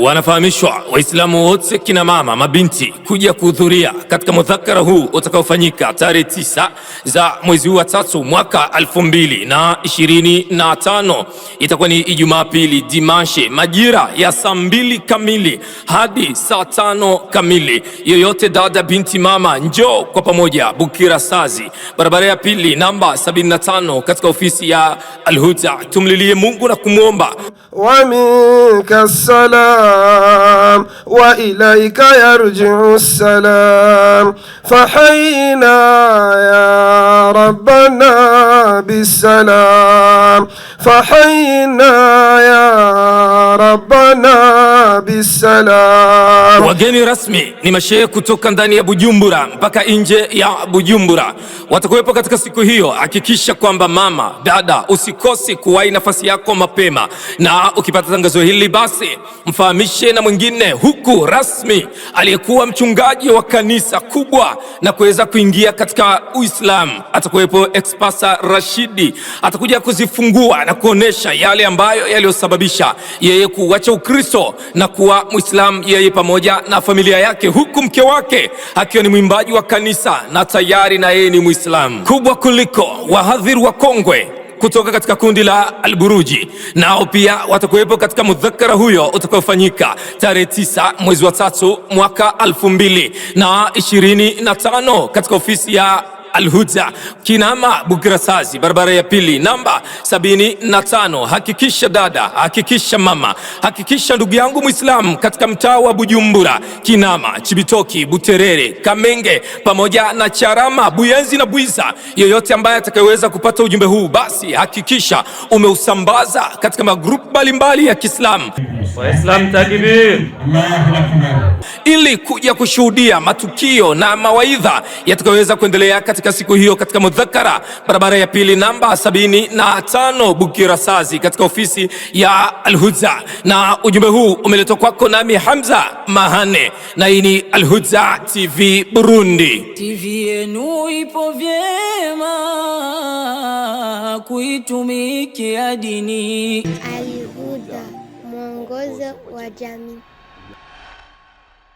Wanafahamishwa Waislamu wote, kina mama, mabinti, kuja kuhudhuria katika mudhakara huu utakaofanyika tarehe tisa za mwezi huu wa tatu mwaka elfu mbili na ishirini na tano. Itakuwa ni Ijumaa pili dimashe majira ya saa mbili kamili hadi saa tano kamili. Yoyote dada, binti, mama, njoo kwa pamoja Bukira Sazi, barabara ya pili namba 75 katika ofisi ya Alhuda. Tumlilie Mungu na kumwomba wa minka السلام وإليك يرجع السلام فحينا يا ربنا بالسلام فحينا يا rabbana bisalam. Wageni rasmi ni mashehe kutoka ndani ya Bujumbura mpaka nje ya Bujumbura watakuwepo katika siku hiyo. Hakikisha kwamba mama, dada, usikosi kuwahi nafasi yako mapema, na ukipata tangazo hili basi mfahamishe na mwingine, huku rasmi aliyekuwa mchungaji wa kanisa kubwa na kuweza kuingia katika Uislamu atakuwepo Expasa Rashidi, atakuja kuzifungua na kuonesha yale ambayo yaliyosababisha yeye yeye kuuacha Ukristo na kuwa muislam yeye pamoja na familia yake, huku mke wake akiwa ni mwimbaji wa kanisa na tayari na yeye ni Mwislamu. Kubwa kuliko wahadhiri wa kongwe kutoka katika kundi la Alburuji nao pia watakuwepo katika mudhakara huyo utakaofanyika tarehe tisa mwezi wa tatu mwaka elfu mbili na ishirini na tano katika ofisi ya Alhuda Kinama Bugrasazi, barabara ya pili namba sabini tano Hakikisha dada, hakikisha mama, hakikisha ndugu yangu Muislamu katika mtaa wa Bujumbura, Kinama, Chibitoki, Buterere, Kamenge pamoja na Charama, Buyenzi na Bwiza, yoyote ambaye atakayeweza kupata ujumbe huu, basi hakikisha umeusambaza katika magrupu mbalimbali ya Kiislamu. Waislamu takbir! Ili kuja kushuhudia matukio na mawaidha yatakayoweza kuendelea katika siku hiyo katika mudhakara barabara ya pili namba sabini na tano Bukira Sazi katika ofisi ya Alhudza, na ujumbe huu umeletwa kwako nami Hamza Mahane, na hii ni Alhudza TV Burundi. TV yenu ipo vyema kuitumikia dini Alhudza mwongozo wa jamii.